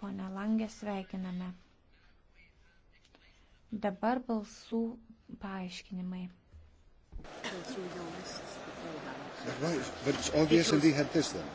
Pone Langė, sveikiname. Dabar balsų paaiškinimai. Right, but it's obvious it was... and he had this then.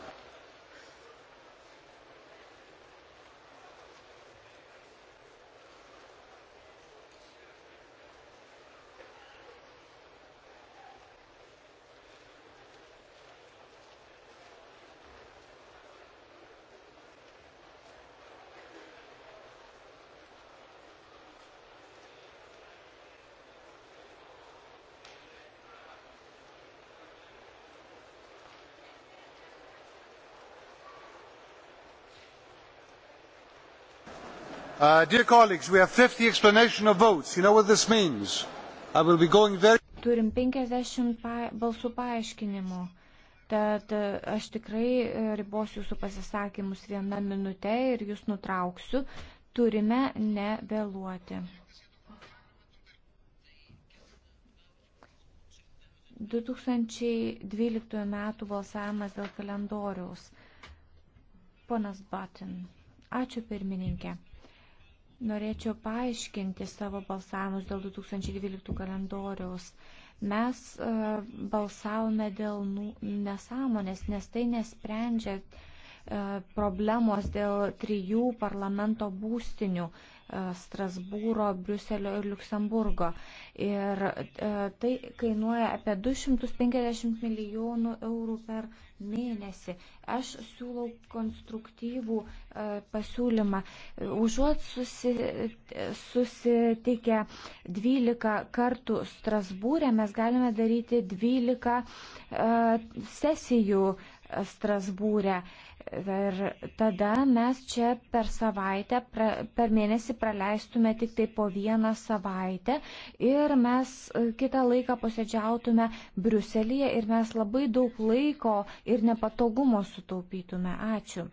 Uh, dear colleagues, we have 50 explanation of votes. You know what this means. I will be going very... Turim 50 pa balsų paaiškinimų. Tad uh, aš tikrai uh, ribosiu jūsų pasisakymus vieną minutę ir jūs nutrauksiu. Turime nevėluoti. 2012 m. balsavimas dėl kalendoriaus. Ponas Batin. Ačiū pirmininkė. Norėčiau paaiškinti savo balsavimus dėl 2012 kalendoriaus. Mes e, balsavome dėl nu-, nesąmonės, nes tai nesprendžia E, problemos dėl trijų parlamento būstinių e, Strasbūro, Briuselio ir Luksemburgo. Ir e, tai kainuoja apie 250 milijonų eurų per mėnesį. Aš siūlau konstruktyvų pasiūlymą. Užuot susi, susitikę 12 kartų Strasbūrė, mes galime daryti 12 sesijų Strasbūrė. E Ir tada mes čia per savaitę, pra, per mėnesį praleistume tik tai po vieną savaitę ir mes e, kitą laiką posėdžiautume Briuselėje ir mes labai daug laiko ir nepatogumo sutaupytume. Ačiū.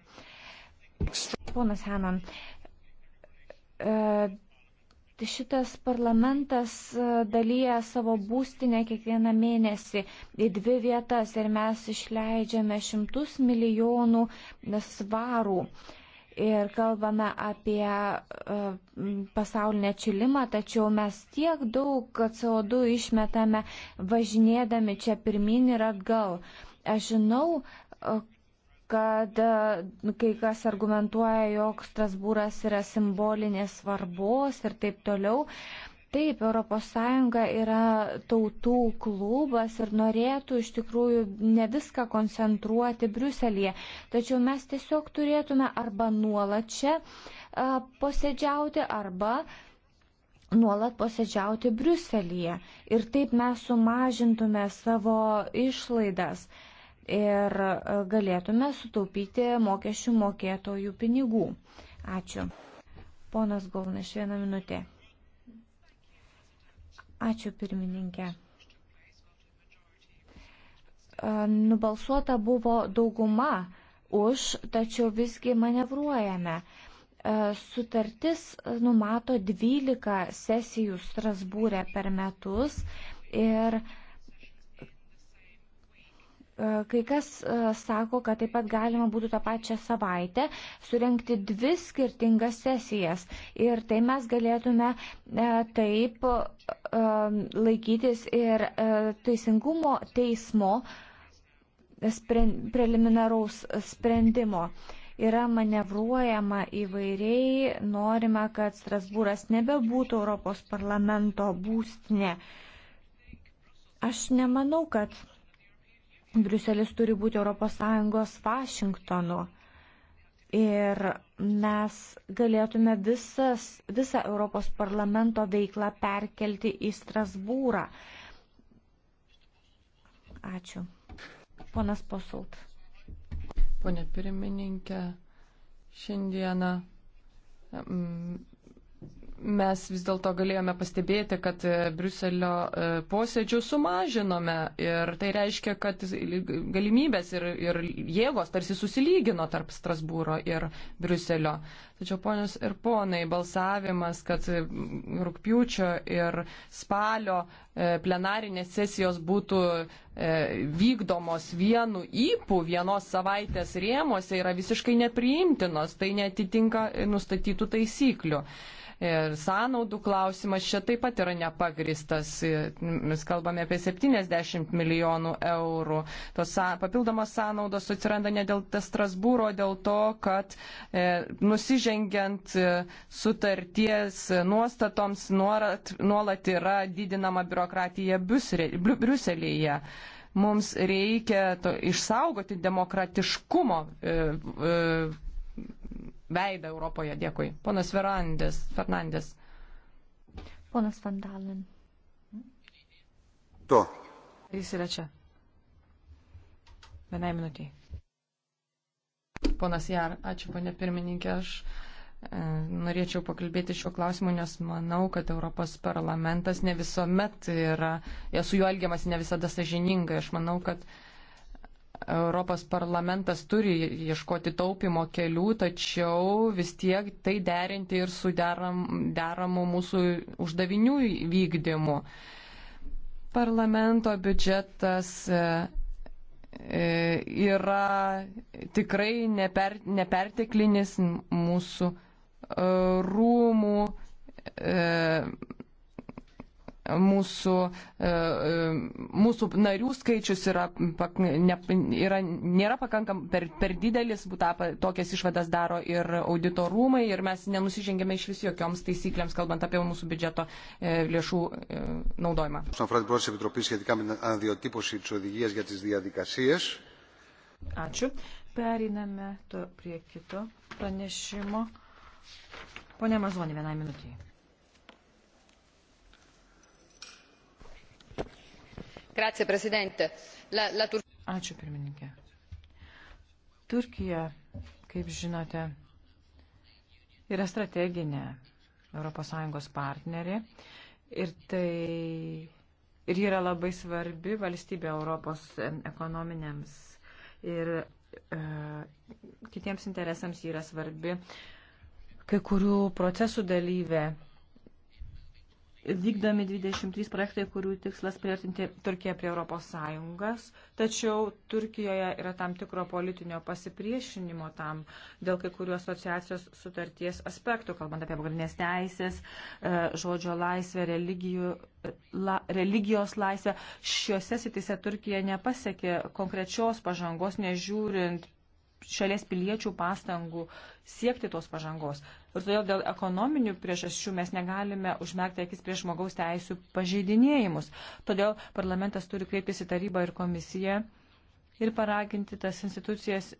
Ponas Hanan, e, Šitas parlamentas e, dalyja savo būstinę kiekvieną mėnesį į dvi vietas ir mes išleidžiame šimtus milijonų svarų. Ir kalbame apie e, pasaulinę čilimą, tačiau mes tiek daug CO2 išmetame važinėdami čia pirmin ir atgal. Aš žinau, e, kad e, nu, kai kas argumentuoja, jog Strasbūras yra simbolinės svarbos ir taip toliau. Taip, ES yra tautų klubas ir norėtų iš tikrųjų ne viską koncentruoti Briuselėje. Tačiau mes tiesiog turėtume arba nuolat čia e, posėdžiauti, arba nuolat posėdžiauti Briuselėje. Ir taip mes sumažintume savo išlaidas. Uh, ir e, galėtume sutaupyti mokesčių mokėtojų pinigų. Ačiū. Ponas Golniš, vieną minutę. Ačiū pirmininkė. E, nubalsuota buvo dauguma už, tačiau visgi manevruojame. E, sutartis numato 12 sesijų Strasbūrė per metus ir Kai kas e, sako, kad taip pat galima būtų tą pačią savaitę surenkti dvi skirtingas sesijas. Ir tai mes galėtume e, taip e, laikytis ir teisingumo teismo spren, preliminaraus sprendimo. Yra manevruojama įvairiai, norima, kad Strasbūras nebebūtų Europos parlamento būstinė. Aš nemanau, kad Briuselis turi būti ES Vašingtonu. Ir mes galėtume visas, visą Europos parlamento veiklą perkelti į Strasbūrą. Ačiū. Ponas Posult. Pone pirmininkė, šiandieną mm, mes vis dėlto galėjome pastebėti, kad e, Bruselio e, posėdžių sumažinome ir tai reiškia, kad galimybės ir, ir jėgos tarsi susilygino tarp Strasbūro ir Bruselio. Tačiau, ponius ir ponai, balsavimas, kad rūpjūčio ir spalio e, plenarinės sesijos būtų e, vykdomos vienu įpū vienos savaitės rėmose yra visiškai nepriimtinos, tai netitinka nustatytų taisyklių. Ir sąnaudų klausimas čia taip pat yra nepagristas. E, mes kalbame apie 70 milijonų eurų. Tos papildomos sąnaudos atsiranda ne dėl Strasbūro, dėl to, kad e, nusižengė neįžengiant e, sutarties nuostatoms nuolat, nuolat yra didinama biurokratija Briuselėje. Mums reikia to, išsaugoti demokratiškumo e, e, veidą Europoje. Dėkui. Ponas Verandės, Fernandės. Ponas Vandalin. To. Jis yra čia. Vienai minutiai. Ponas Jar, ačiū ponė pirmininkė, aš e, norėčiau pakalbėti šiuo klausimu, nes manau, kad Europos parlamentas ne visuomet yra, e, su juo elgiamas ne visada sažiningai. Aš manau, kad Europos parlamentas turi ieškoti taupimo kelių, tačiau vis tiek tai derinti ir su deram, deramu mūsų uždavinių vykdymu. Parlamento biudžetas e, E, yra tikrai neper, neperteklinis mūsų e, rūmų e, mūsų, e, e, mūsų narių skaičius yra, ne, yra, nėra pakankam per, per didelis, ta, tokias išvadas daro ir auditorumai ir mes nenusižengėme iš vis jokioms taisyklėms, kalbant apie mūsų biudžeto e, lėšų naudojimą. Ačiū. Periname prie kito pranešimo. Pone Mazonė, vienai minutėjai. Ačiū pirmininkė. Turkija, kaip žinote, yra strateginė ES partnerė ir tai ir yra labai svarbi valstybė Europos ekonominiams ir e, kitiems interesams yra svarbi kai kurių procesų dalyvė vykdomi 23 projektai, kurių tikslas priartinti Turkiją prie Europos Sąjungas, tačiau Turkijoje yra tam tikro politinio pasipriešinimo tam dėl kai kurių asociacijos sutarties aspektų, kalbant apie pagrindinės teisės, e, žodžio laisvę, religijų, la, religijos laisvę. Šiuose sitise Turkija nepasiekė konkrečios pažangos, nežiūrint šalies piliečių pastangų siekti tos pažangos. Ir todėl dėl ekonominių priežasčių mes negalime užmerkti akis prie žmogaus teisų pažeidinėjimus. Todėl parlamentas turi kreiptis į tarybą ir komisiją ir paraginti tas institucijas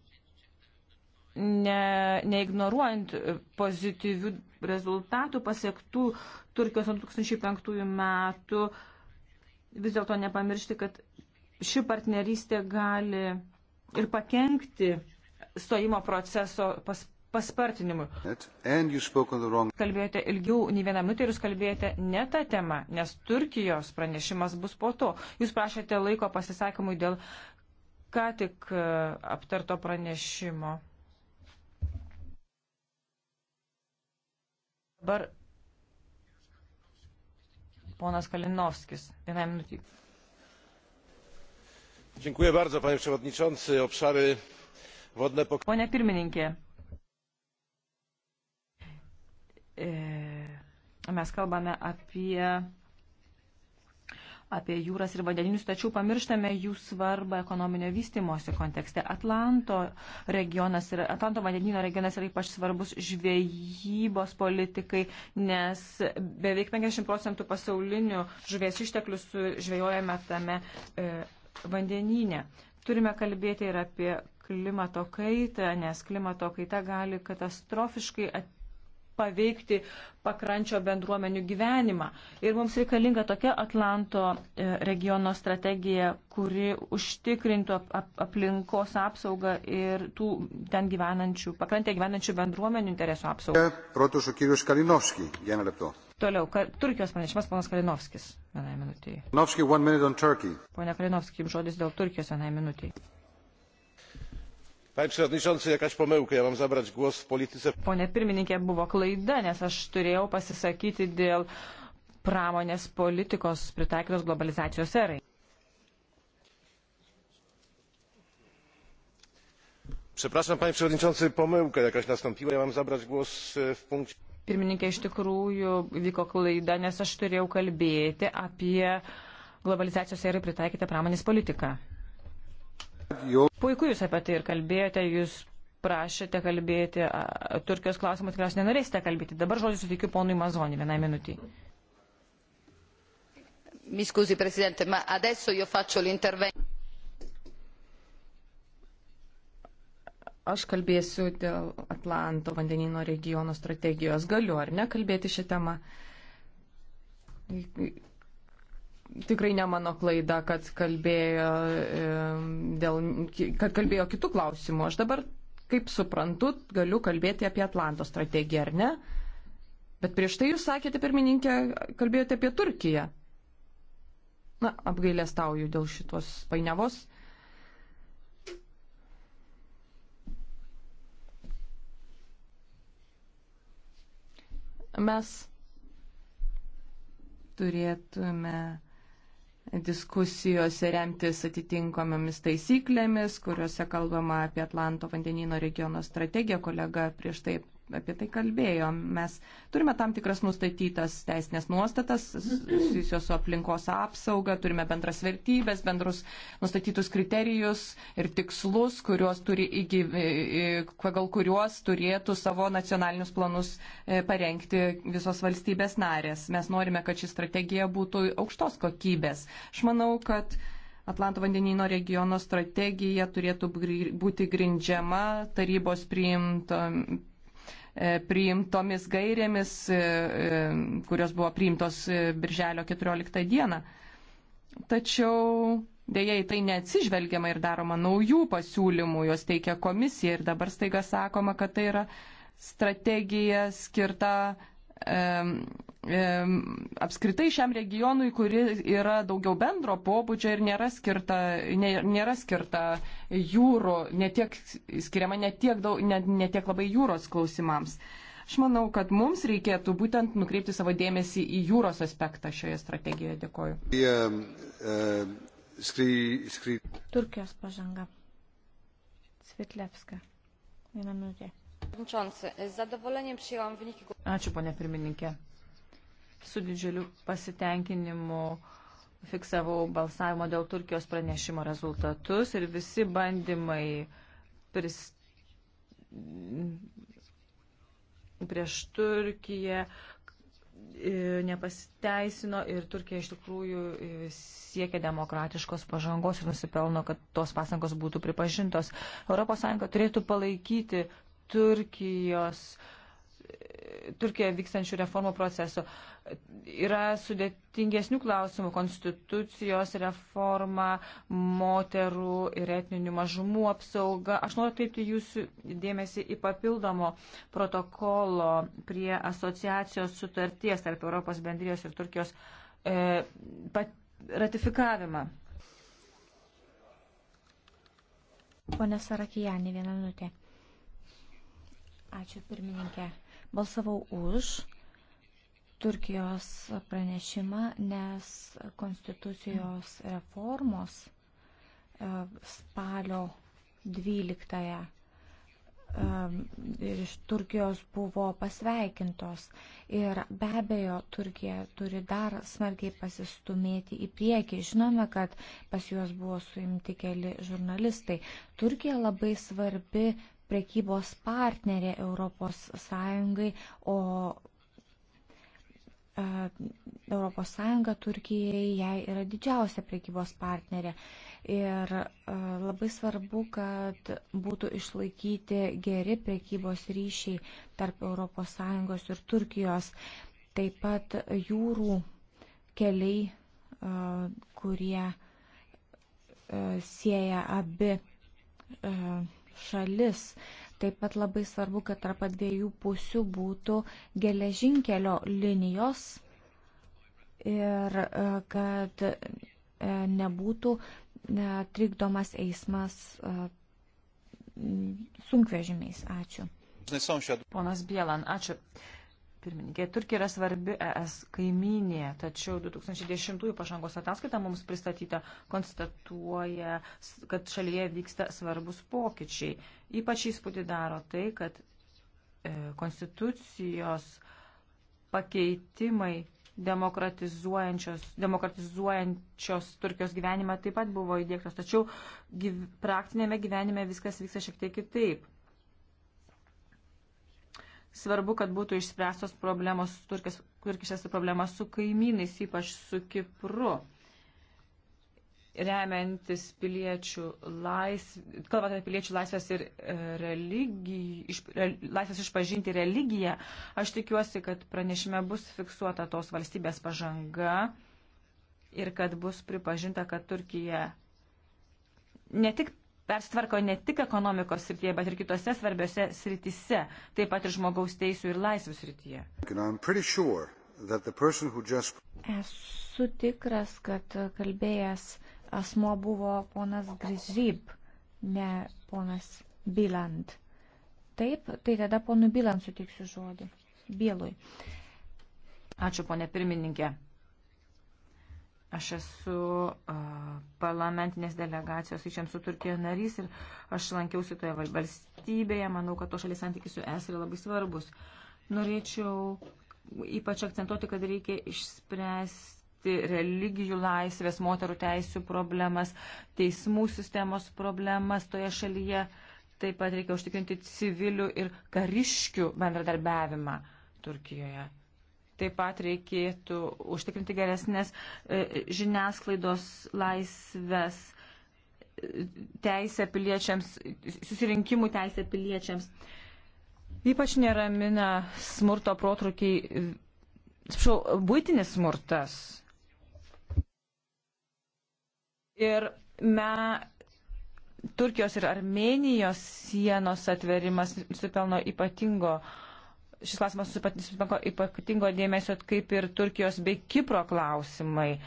ne, neignoruojant pozityvių rezultatų pasiektų Turkijos 2005 metų, vis dėlto nepamiršti, kad ši partnerystė gali ir pakengti stojimo proceso pas, paspartinimui. Wrong... Kalbėjote ilgiau nei vieną minutę ir jūs kalbėjote ne tą temą, nes Turkijos pranešimas bus po to. Jūs prašėte laiko pasisakymui dėl ką tik e, aptarto pranešimo. Dabar ponas Kalinovskis. Vieną minutį. Dziękuję bardzo, panie przewodniczący. Obszary Vodne pok... Pone pirmininkė, e, mes kalbame apie, apie jūras ir vandeninius, tačiau pamirštame jų svarbą ekonominio vystimosi kontekste. Atlanto, regionas ir, Atlanto vandenino regionas yra ypač svarbus žvejybos politikai, nes beveik 50 procentų pasaulinių žuvies išteklių sužvejojame tame e, vandenyne. Turime kalbėti ir apie klimato kaitą, nes klimato kaita gali katastrofiškai paveikti pakrančio bendruomenių gyvenimą. Ir mums reikalinga tokia Atlanto e, regiono strategija, kuri užtikrintų aplinkos apsaugą ir tų ten gyvenančių, pakrantėje gyvenančių bendruomenių interesų apsaugą. Protus Kyrius Kalinovski, vieną lepto. Toliau, ka, Turkijos pranešimas, ponas Kalinovskis, vienai minutiai. Kalinovski, one minute on Turkey. Pone Kalinovski, žodis dėl Turkijos vienai minutiai. Panie przewodniczący, jakaś pomyłka, ja mam zabrać głos w polityce. Pone pirmininkė, buvo klaida, nes aš turėjau pasisakyti dėl pramonės politikos pritaikytos globalizacijos erai. Przepraszam, panie przewodniczący, pomyłka jakaś nastąpiła, ja mam zabrać głos e, w punkcie. Pirmininkė, iš tikrųjų vyko klaida, nes aš turėjau kalbėti apie globalizacijos erai pritaikytą pramonės politiką. Puiku jūs apie tai ir kalbėjote, jūs prašėte kalbėti, a, Turkijos klausimą tikriausiai nenorėsite kalbėti. Dabar žodžiu sutikiu ponui Mazonį vienai minutį. Mi scusi Presidente, ma adesso io faccio l'intervento. Aš kalbėsiu dėl Atlanto vandenino regiono strategijos. Galiu ar ne kalbėti šią temą? tikrai ne mano klaida, kad kalbėjo, dėl, kad kalbėjo kitų klausimų. Aš dabar, kaip suprantu, galiu kalbėti apie Atlanto strategiją, ar ne? Bet prieš tai jūs sakėte, pirmininkė, kalbėjote apie Turkiją. Na, apgailėstauju dėl šitos painiavos. Mes turėtume diskusijose remtis atitinkamomis taisyklėmis, kuriuose kalbama apie Atlanto vandenino regiono strategiją. Kolega prieš tai apie tai kalbėjom. Mes turime tam tikras nustatytas teisinės nuostatas, susijusios su aplinkos apsauga, turime bendras vertybės, bendrus nustatytus kriterijus ir tikslus, įgyv... E, e, pagal kuriuos turėtų savo nacionalinius planus e, parengti visos valstybės narės. Mes norime, kad ši strategija būtų aukštos kokybės. Aš manau, kad Atlanto vandenino regiono strategija turėtų būti grindžiama tarybos priimtom E, priimtomis gairėmis, e, e, kurios buvo priimtos birželio 14 dieną. Tačiau dėja į tai neatsižvelgiama ir daroma naujų pasiūlymų, jos teikia komisija ir dabar staiga sakoma, kad tai yra strategija skirta apskritai šiam regionui, kuri yra daugiau bendro pobūdžio ir nėra skirta, nė, nėra skirta jūrų, netiek, skiriama netiek, daug, net, netiek labai jūros klausimams. Aš manau, kad mums reikėtų būtent nukreipti savo dėmesį į jūros aspektą šioje strategijoje. Dėkoju. Turkijos pažanga. Svitlevska. Vieną minutę. Ačiū, ponė pirmininkė. Su didžiuliu pasitenkinimu fiksavau balsavimo dėl Turkijos pranešimo rezultatus ir visi bandymai pris... prieš Turkiją e, nepasiteisino ir Turkija iš tikrųjų e, siekia demokratiškos pažangos ir nusipelno, kad tos pasangos būtų pripažintos. ES turėtų palaikyti Turkijos, Turkijoje vykstančių reformų proceso. Yra sudėtingesnių klausimų - konstitucijos reforma, moterų ir etninių mažumų apsauga. Aš noriu atkreipti jūsų dėmesį į papildomo protokolo prie asociacijos sutarties tarp Europos bendrijos ir Turkijos e, pat, ratifikavimą. Pone Sarakijanė, vieną minutę. Ačiū pirmininkė. Balsavau už Turkijos pranešimą, nes konstitucijos reformos e, spalio 12-ąją e, iš Turkijos buvo pasveikintos. Ir be abejo, Turkija turi dar smarkiai pasistumėti į priekį. Žinome, kad pas juos buvo suimti keli žurnalistai. Turkija labai svarbi prekybos partnerė Europos Sąjungai, o e, Europos Sąjunga Turkijai jai yra didžiausia prekybos partnerė. Ir e, labai svarbu, kad būtų išlaikyti geri prekybos ryšiai tarp Europos Sąjungos ir Turkijos. Taip pat jūrų keliai, e, kurie sieja abi šalis. Taip pat labai svarbu, kad tarp dviejų pusių būtų geležinkelio linijos ir e, kad e, nebūtų e, trikdomas eismas sunkvežimiais. Ačiū. Ponas Bielan, ačiū. Pirmininkė, Turkija yra svarbi ES kaiminė, tačiau 2010 pažangos ataskaita mums pristatyta konstatuoja, kad šalyje vyksta svarbus pokyčiai. Ypač įspūdį daro tai, kad e, konstitucijos pakeitimai demokratizuojančios, demokratizuojančios Turkijos gyvenimą taip pat buvo įdėktos, tačiau gyv, praktinėme gyvenime viskas vyksta šiek tiek kitaip. Svarbu, kad būtų išspręstos problemos, turkišės problemos su kaimynais, ypač su Kipru remiantis piliečių laisvės, kalbant apie piliečių laisvės ir e, religijų, iš, re, laisvės išpažinti religiją, aš tikiuosi, kad pranešime bus fiksuota tos valstybės pažanga ir kad bus pripažinta, kad Turkija ne tik persitvarko ne tik ekonomikos srityje, bet ir kitose svarbiose srityse, taip pat ir žmogaus teisų ir laisvių srityje. Esu tikras, kad kalbėjęs asmo buvo ponas Grisžyb, ne ponas Biland. Taip, tai tada ponu Biland sutiksiu žodį. Bėlui. Ačiū, ponė pirmininkė. Aš esu uh, parlamentinės delegacijos ryšiams su Turkija narys ir aš lankiausi toje valstybėje. Manau, kad to šalies santykis su es yra labai svarbus. Norėčiau ypač akcentuoti, kad reikia išspręsti religijų laisvės, moterų teisų problemas, teismų sistemos problemas toje šalyje. Taip pat reikia užtikrinti civilių ir kariškių bendradarbiavimą Turkijoje. Taip pat reikėtų užtikrinti geresnės e, žiniasklaidos laisvės e, teisę piliečiams, susirinkimų teisę piliečiams. Ypač neramina smurto protrukiai, e, šau, būtinis smurtas. Ir me, Turkijos ir Armenijos sienos atverimas nusipelno ypatingo uh, šis klausimas susipanko ypatingo dėmesio, kaip ir Turkijos bei Kipro klausimai.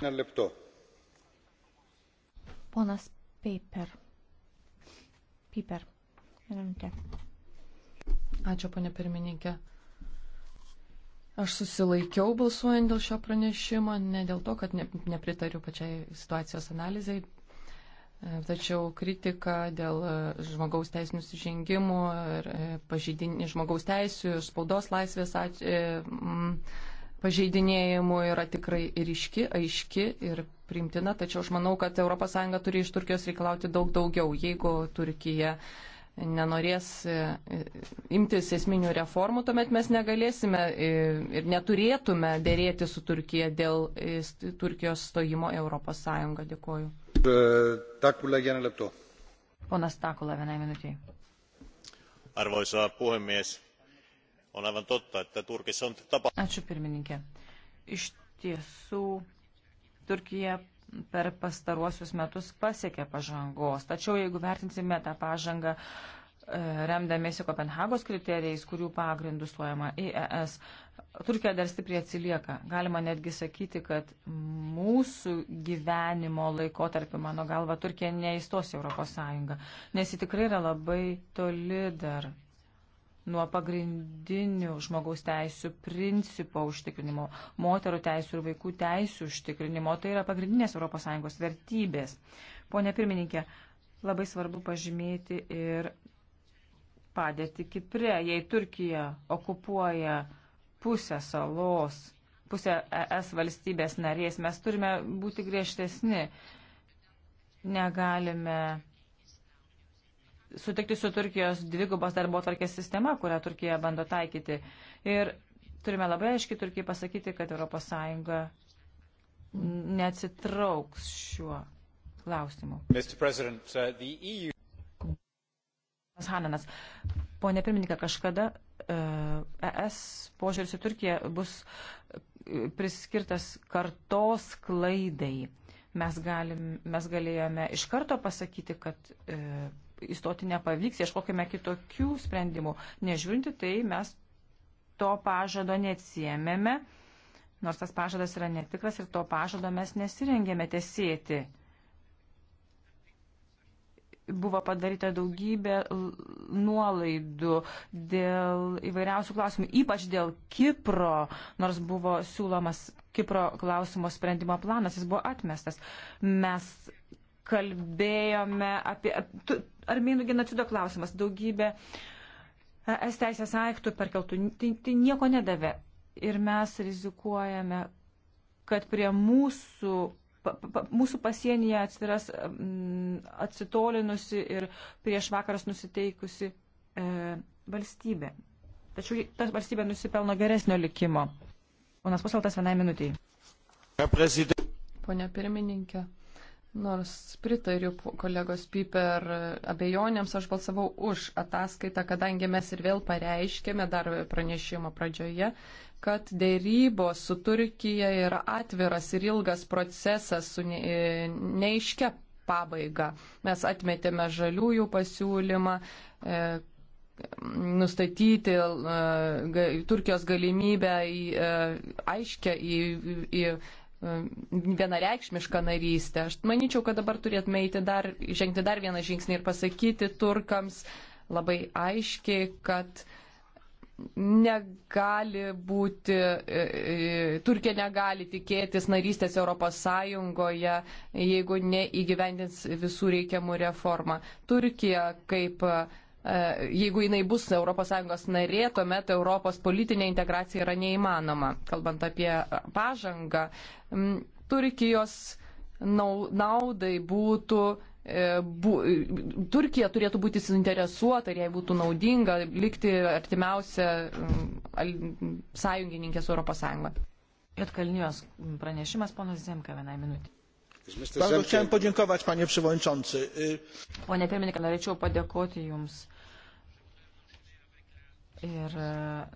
Nelipto. Ponas Piper. Piper. Minutė. Ačiū, ponė pirmininkė. Aš susilaikiau balsuojant dėl šio pranešimo, ne dėl to, kad ne, nepritariu pačiai situacijos analizai, Tačiau kritika dėl e, žmogaus teisinių sužengimų ir e, pažeidinį žmogaus teisų ir spaudos laisvės e, pažeidinėjimų yra tikrai ryški, aiški ir primtina. Tačiau aš manau, kad ES turi iš Turkijos reikalauti daug daugiau, jeigu Turkija nenorės imtis esminių reformų, tuomet mes negalėsime ir neturėtume dėrėti su Turkija dėl Turkijos stojimo Europos Sąjungą. Dėkuoju arvoisa puhemies on aivan totta että turkissa on tapahtunut. iš tiesų turkija per pastaruosius metus pasiekė pažangos tačiau jeigu vertinsime tą pažangą e, remdamiesi kopenhagos kriterijais kurių pagrindu stojama į e es Turkija dar stipriai atsilieka. Galima netgi sakyti, kad mūsų gyvenimo laikotarpiu, mano galva, Turkija neįstos į Europos Sąjungą, nes ji tikrai yra labai toli dar nuo pagrindinių žmogaus teisų principo užtikrinimo, moterų teisų ir vaikų teisų užtikrinimo. Tai yra pagrindinės ES vertybės. Pone pirmininkė, labai svarbu pažymėti ir padėti Kipre. Jei Turkija okupuoja pusę salos, pusę ES valstybės narės. Mes turime būti griežtesni. Negalime sutikti su Turkijos dvigubos darbo tvarkės sistema, kurią Turkija bando taikyti. Ir turime labai aiškiai Turkijai pasakyti, kad ES neatsitrauks šiuo klausimu. Uh, e Hananas, ponė pirmininkė, kažkada ES požiūris į Turkiją bus priskirtas kartos klaidai. Mes, galim, mes galėjome iš karto pasakyti, kad e, įstoti nepavyks, ieškokime kitokių sprendimų. Nežiūrinti tai, mes to pažado neatsiemėme, nors tas pažadas yra netikras ir to pažado mes nesirengėme tesėti buvo padaryta daugybė nuolaidų dėl įvairiausių klausimų, ypač dėl Kipro, nors buvo siūlomas Kipro klausimo sprendimo planas, jis buvo atmestas. Mes kalbėjome apie armėnų genocido klausimas, daugybė es teisės aiktų perkeltų, tai, tai nieko nedavė. Ir mes rizikuojame, kad prie mūsų pa, pa, mūsų pasienyje atsiras m, atsitolinusi ir prieš vakarus nusiteikusi e, valstybė. Tačiau ta valstybė nusipelno geresnio likimo. Ponas Pusaltas vienai minutiai. Pone pirmininkė, Nors pritariu kolegos Piper abejonėms, aš balsavau už ataskaitą, kadangi mes ir vėl pareiškėme dar pranešimo pradžioje, kad dėrybos su Turkija yra atviras ir ilgas procesas su neiškia pabaiga. Mes atmetėme žaliųjų pasiūlymą, e, nustatyti uh, Turkijos galimybę į uh, e, aiškę, į, į Um, vienareikšmišką narystę. Aš manyčiau, kad dabar turėtume eiti dar, žengti dar vieną žingsnį ir pasakyti turkams labai aiškiai, kad negali būti, e, e, Turkija negali tikėtis narystės Europos Sąjungoje, jeigu neįgyvendins visų reikiamų reformą. Turkija kaip E, jeigu jinai bus ES narė, tuomet Europos politinė integracija yra neįmanoma. Kalbant apie pažangą, Turkijos naudai būtų. E, bu, Turkija turėtų būti suinteresuota ir jai būtų naudinga likti artimiausia sąjungininkė su ES. Jotkalnijos pranešimas, ponas Zemka, vienai minutį. Bardzo chciałem podziękować, panie przewodniczący. Panie pirmininkai, norėčiau padėkoti Jums. Ir e,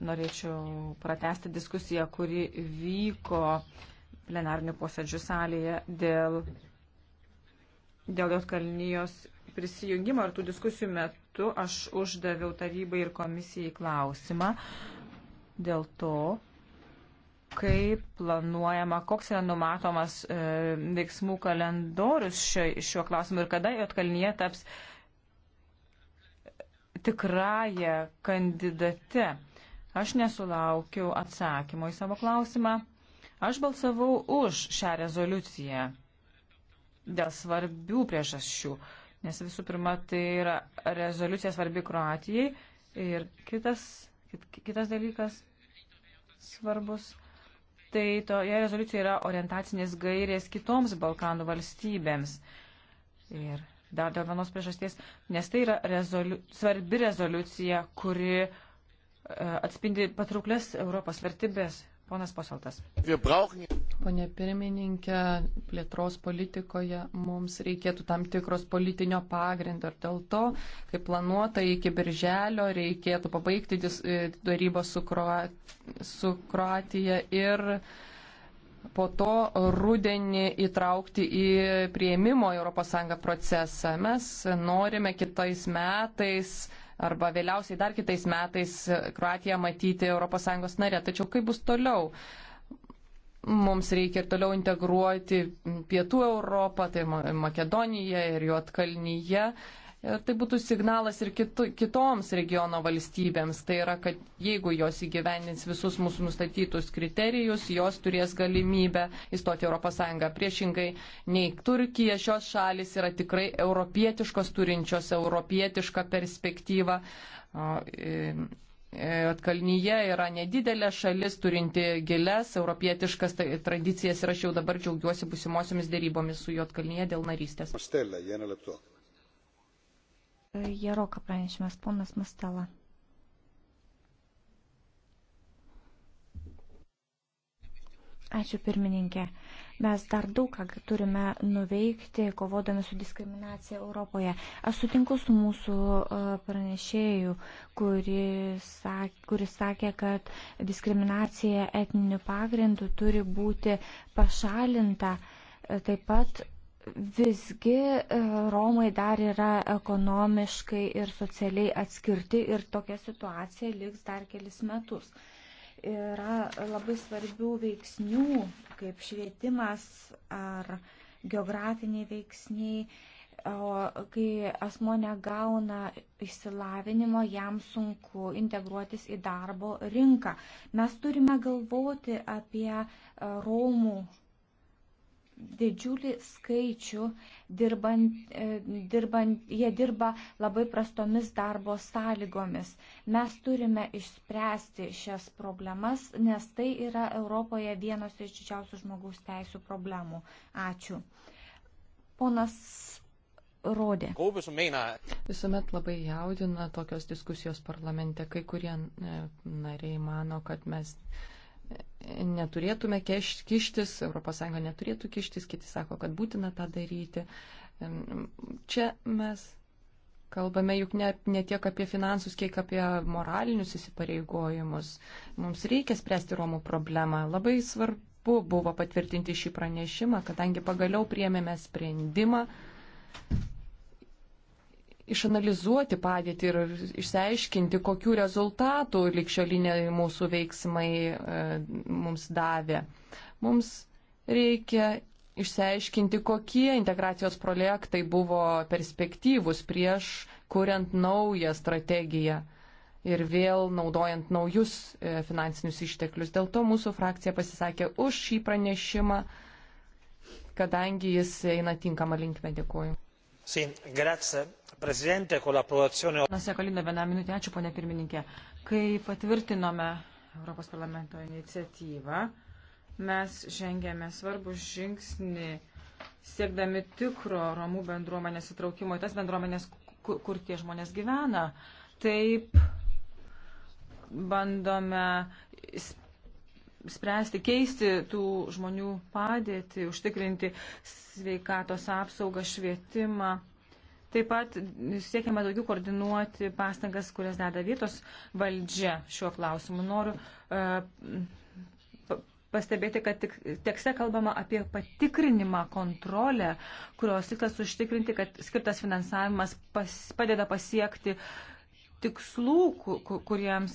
norėčiau pratesti diskusiją, kuri vyko plenarnių posėdžių salėje dėl, dėl Jotkalnyjos prisijungimo ir tų diskusijų metu aš uždaviau tarybai ir komisijai klausimą dėl to, kaip planuojama, koks yra numatomas e, veiksmų kalendorius šio, šiuo klausimu ir kada Jotkalnyje taps e, tikrąją kandidate. Aš nesulaukiu atsakymo į savo klausimą. Aš balsavau už šią rezoliuciją dėl svarbių priežasčių, nes visų pirma, tai yra rezoliucija svarbi Kroatijai ir kitas, kit, kitas dalykas svarbus. Tai toje rezoliucijoje yra orientacinės gairės kitoms Balkanų valstybėms. Ir dar dėl vienos priežasties, nes tai yra rezoliu, svarbi rezoliucija, kuri e, atspindi patrauklės Europos vertybės. Ponas Posaltas. Pone pirmininkė, plėtros politikoje mums reikėtų tam tikros politinio pagrindo ir dėl to, kaip planuota iki birželio, reikėtų pabaigti e, darybą su, Kroat, su Kroatija ir uh, po to rudenį įtraukti į prieimimo ES procesą. Mes norime kitais metais arba vėliausiai dar kitais metais Kroatiją matyti ES narė. Tačiau kaip bus toliau? Mums reikia ir toliau integruoti Pietų Europą, tai Makedoniją ir Juotkalnyje tai būtų signalas ir kitu, kitoms regiono valstybėms. Tai yra, kad jeigu jos įgyvendins visus mūsų nustatytus kriterijus, jos turės galimybę įstoti ES. Priešingai nei Turkija, šios šalis yra tikrai europietiškos, turinčios europietišką perspektyvą. E, e, atkalnyje yra nedidelė šalis, turinti giles, europietiškas tai, tradicijas ir aš jau dabar džiaugiuosi busimosiomis dėrybomis su juo atkalnyje dėl narystės. Stella, Jeroka pranešimas, ponas Mastela. Ačiū pirmininkė. Mes dar daug ką turime nuveikti, kovodami su diskriminacija Europoje. Aš sutinku su mūsų e, pranešėju, kuris sakė, kuris sakė kad diskriminacija etniniu pagrindu turi būti pašalinta. E, taip pat Visgi e, Romai dar yra ekonomiškai ir socialiai atskirti ir tokia situacija liks dar kelis metus. Yra labai svarbių veiksnių, kaip švietimas ar geografiniai veiksniai. O kai asmo negauna išsilavinimo, jam sunku integruotis į darbo rinką. Mes turime galvoti apie e, Romų didžiulį skaičių, dirbant, e, dirbant, jie dirba labai prastomis darbo sąlygomis. Mes turime išspręsti šias problemas, nes tai yra Europoje vienos iš didžiausių žmogaus teisų problemų. Ačiū. Ponas rodė. Visuomet labai jaudina tokios diskusijos parlamente. Kai kurie e, nariai mano, kad mes neturėtume kištis, ES neturėtų kištis, kiti sako, kad būtina tą daryti. Čia mes kalbame juk ne, ne tiek apie finansus, kiek apie moralinius įsipareigojimus. Mums reikia spręsti Romų problemą. Labai svarbu buvo patvirtinti šį pranešimą, kadangi pagaliau priėmėme sprendimą išanalizuoti padėtį ir išsiaiškinti, kokiu rezultatu likščioliniai mūsų veiksmai e, mums davė. Mums reikia išsiaiškinti, kokie integracijos projektai buvo perspektyvus prieš kuriant naują strategiją ir vėl naudojant naujus e, finansinius išteklius. Dėl to mūsų frakcija pasisakė už šį pranešimą, kadangi jis eina tinkamą linkmę. Dėkuoju. Sí, grazie. Presidente, con l'approvazione. Nasekolina, vieną minutę, ačiū, ponė pirmininkė. Kai patvirtinome Europos parlamento iniciatyvą, mes žengėme svarbų žingsnį, siekdami tikro Romų bendruomenės įtraukimo į tas bendruomenės, kur, kur tie žmonės gyvena. Taip bandome spręsti, keisti tų žmonių padėtį, užtikrinti sveikatos apsaugą, švietimą Taip pat siekiama daugiau koordinuoti pastangas, kurias deda vietos valdžia šiuo klausimu. Noriu uh, pastebėti, kad tik, tekste kalbama apie patikrinimą, kontrolę, kurios tikslas užtikrinti, kad skirtas finansavimas pas, padeda pasiekti tikslų, kuriems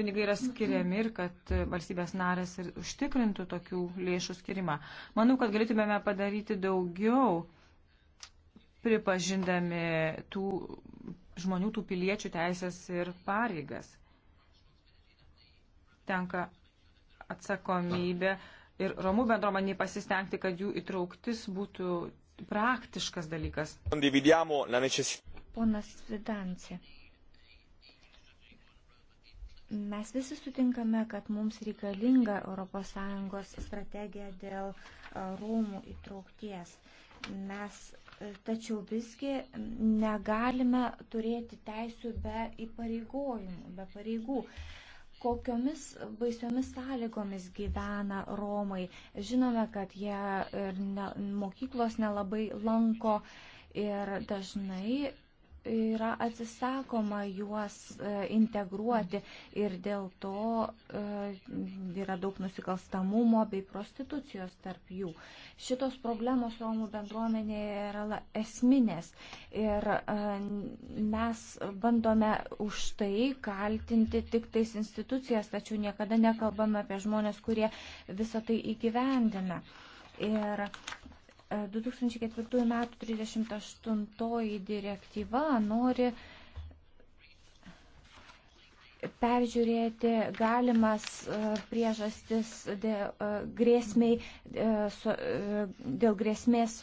pinigai yra skiriami ir kad valstybės narės ir užtikrintų tokių lėšų skirimą. Manau, kad galėtumėme padaryti daugiau pripažindami tų žmonių, tų piliečių teisės ir pareigas. Tenka atsakomybė ir Romų bendruomeniai pasistengti, kad jų įtrauktis būtų praktiškas dalykas. Ponas Vidansė. Mes visi sutinkame, kad mums reikalinga ES strategija dėl rūmų įtraukties. Mes Tačiau visgi negalime turėti teisų be įpareigojimų, be pareigų. Kokiomis baisiomis sąlygomis gyvena Romai? Žinome, kad jie ir ne, mokyklos nelabai lanko ir dažnai yra atsisakoma juos e, integruoti ir dėl to e, yra daug nusikalstamumo bei prostitucijos tarp jų. Šitos problemos Romų bendruomenėje yra esminės ir e, mes bandome už tai kaltinti tik tais institucijas, tačiau niekada nekalbame apie žmonės, kurie visą tai įgyvendina. Ir 2004 m. 38 direktyva nori peržiūrėti galimas e, priežastis dėl, e, grėsmiai, e, dėl grėsmės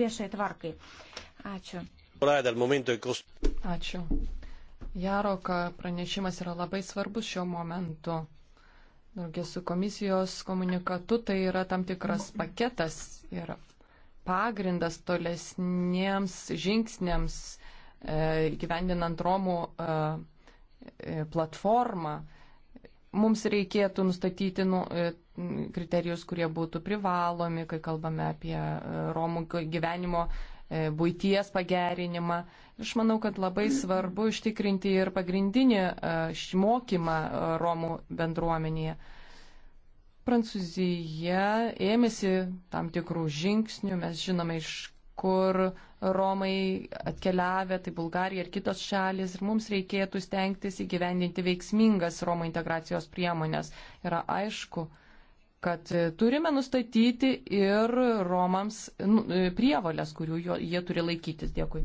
viešai tvarkai. Ačiū. Ačiū. Jaroka pranešimas yra labai svarbus šiuo momentu. Daugia su komisijos komunikatu tai yra tam tikras paketas ir pagrindas tolesniems žingsniams e, įgyvendinant e, Romų e, platformą. Mums reikėtų nustatyti nu, e, kriterijus, kurie būtų privalomi, kai kalbame apie e, Romų gyvenimo E, būties pagerinimą. Aš manau, kad labai svarbu ištikrinti ir pagrindinį e, mokymą e, Romų bendruomenėje. Prancūzija ėmėsi tam tikrų žingsnių, mes žinome iš kur Romai atkeliavę, tai Bulgarija ir kitos šalis, ir mums reikėtų stengtis įgyvendinti veiksmingas Romų integracijos priemonės. Yra aišku, kad e, turime nustatyti ir Romams nu, e, prievalės, kurių jie turi laikytis. Dėkui.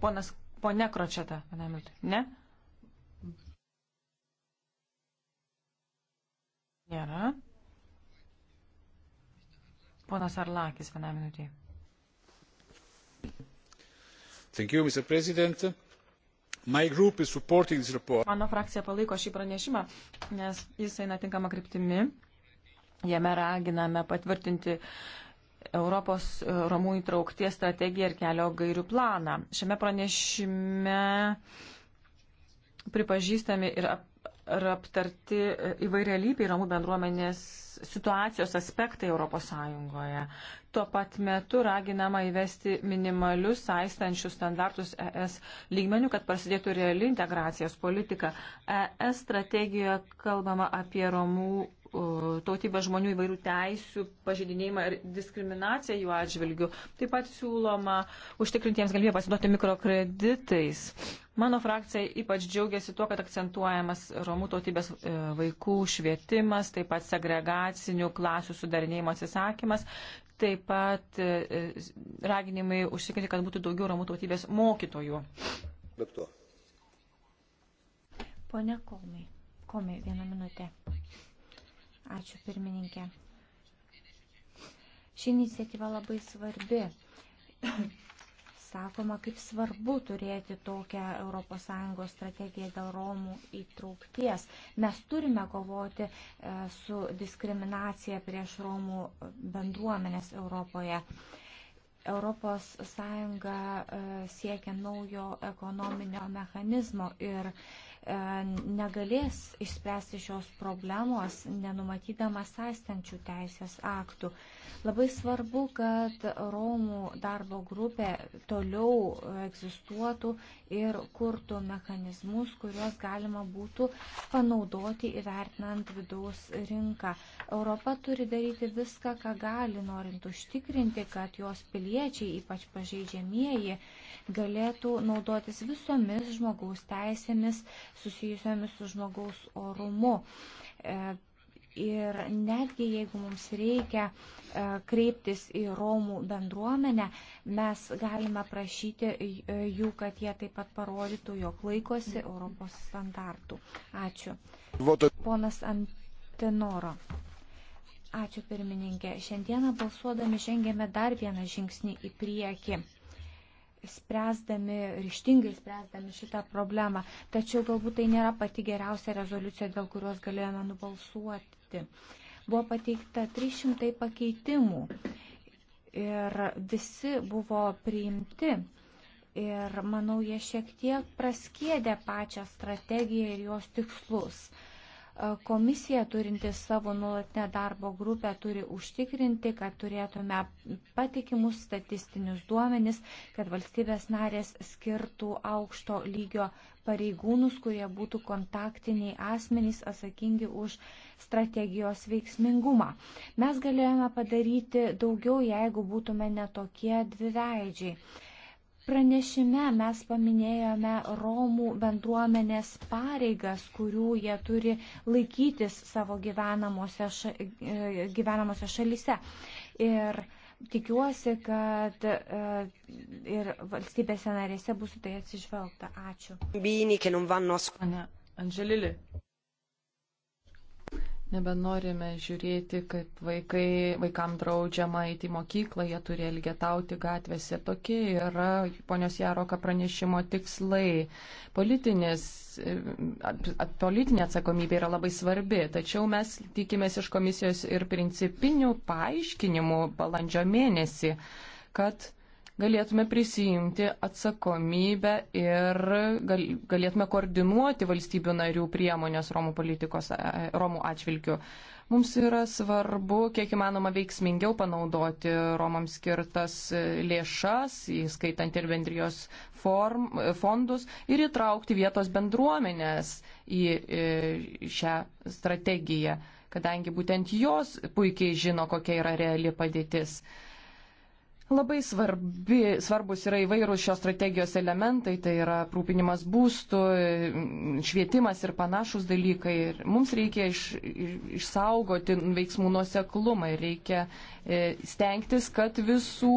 Ponas, ponė Kročeta, vieną minutę. Ne? Nėra. Ponas Arlakis, vieną minutę. Thank you, Mr. President. Mano frakcija palaiko šį pranešimą, nes jis eina tinkama kryptimi. Jame raginame patvirtinti Europos e, Romų įtraukties strategiją ir kelio gairių planą. Šiame pranešime pripažįstami ir, ap, ir aptarti e, įvairialypiai Romų bendruomenės situacijos aspektai ES. Tuo pat metu raginama įvesti minimalius saistančius standartus ES lygmenių, kad prasidėtų reali integracijos politika. ES strategijoje kalbama apie Romų tautybės žmonių įvairių teisių pažydinėjimą ir diskriminaciją jų atžvilgių. Taip pat siūloma užtikrintiems galimybę pasiduoti mikrokreditais. Mano frakcija ypač džiaugiasi tuo, kad akcentuojamas romų tautybės e, vaikų švietimas, taip pat segregacinių klasių sudarinėjimo atsisakymas, taip pat e, e, raginimai užsikrinti, kad būtų daugiau romų tautybės mokytojų. Bet to. Pone Komai, Komai, vieną minutę. Ačiū pirmininkė. Ši iniciatyva labai svarbi. Sakoma, kaip svarbu turėti tokią ES strategiją dėl Romų įtraukties. Mes turime kovoti e, su diskriminacija prieš Romų bendruomenės Europoje. Europos Sąjunga e, siekia naujo ekonominio mechanizmo ir E, negalės išspręsti šios problemos, nenumatydamas sąstančių teisės aktų. Labai svarbu, kad Romų darbo grupė toliau egzistuotų ir kurtų mechanizmus, kuriuos galima būtų panaudoti įvertinant vidaus rinką. Europa turi daryti viską, ką gali, norint užtikrinti, kad jos piliečiai, ypač pažeidžiamieji, galėtų naudotis visomis žmogaus teisėmis susijusiomis su žmogaus orumu. E, Ir netgi jeigu mums reikia e, kreiptis į Romų bendruomenę, mes galime prašyti e, jų, kad jie taip pat parodytų, jog laikosi Europos standartų. Ačiū. Ponas Antinoro. Ačiū pirmininkė. Šiandieną balsuodami žengėme dar vieną žingsnį į priekį spręsdami, ryštingai spręsdami šitą problemą. Tačiau galbūt tai nėra pati geriausia rezoliucija, dėl kurios galėjome nubalsuoti dirbti. Buvo pateikta 300 pakeitimų ir visi buvo priimti. Ir manau, jie šiek tiek praskėdė pačią strategiją ir jos tikslus e, komisija turinti savo nuolatinę darbo grupę turi užtikrinti, kad turėtume patikimus statistinius duomenis, kad valstybės narės skirtų aukšto lygio pareigūnus, kurie būtų kontaktiniai asmenys atsakingi už strategijos veiksmingumą. Mes galėjome padaryti daugiau, jeigu būtume netokie dviveidžiai. Pranešime mes paminėjome Romų bendruomenės pareigas, kurių jie turi laikytis savo gyvenamose, ša, gyvenamose šalyse. Ir tikiuosi, kad e, ir valstybėse narėse bus tai atsižvelgta. Ačiū. Bini, Andželili, Nebenorime žiūrėti, kaip vaikai, vaikam draudžiama eiti į mokyklą, jie turi elgetauti gatvėse. Tokie yra ponios Jaroka pranešimo tikslai. Politinės, e, politinė atsakomybė yra labai svarbi, tačiau mes tikimės iš komisijos ir principinių paaiškinimų balandžio mėnesį, kad galėtume prisijimti atsakomybę ir gal, galėtume koordinuoti valstybių narių priemonės Romų politikos, e, Romų atžvilgių. Mums yra svarbu, kiek įmanoma veiksmingiau panaudoti Romams skirtas lėšas, įskaitant ir bendrijos form, fondus, ir įtraukti vietos bendruomenės į e, šią strategiją, kadangi būtent jos puikiai žino, kokia yra reali padėtis. Labai svarbi, svarbus yra įvairūs šios strategijos elementai, tai yra aprūpinimas būstų, švietimas ir panašus dalykai. Ir mums reikia iš, išsaugoti veiksmų nuoseklumą ir reikia e, stengtis, kad visų